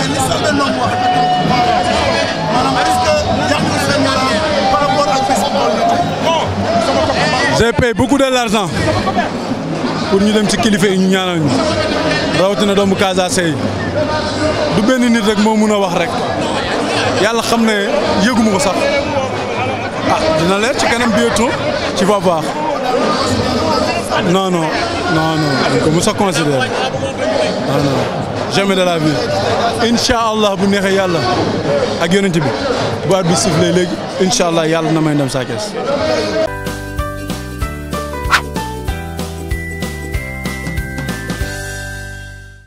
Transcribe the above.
waaye li Samba Ndong bu j'ai de l'argent pour ñu dem ci kilifa yi ñu ñaanal ñu rawatina doomu Casa Sey du benn nit rek moo mun wax rek yàlla xam ne yëguma ko sax ah dina leer ci kanam bientôt ci va voir non non non non non non jamais de la vie incha allah bu neexee yàlla ak yonent bi bu at bi sifflé léegi incha allah yàlla na may ndam Sa Thiès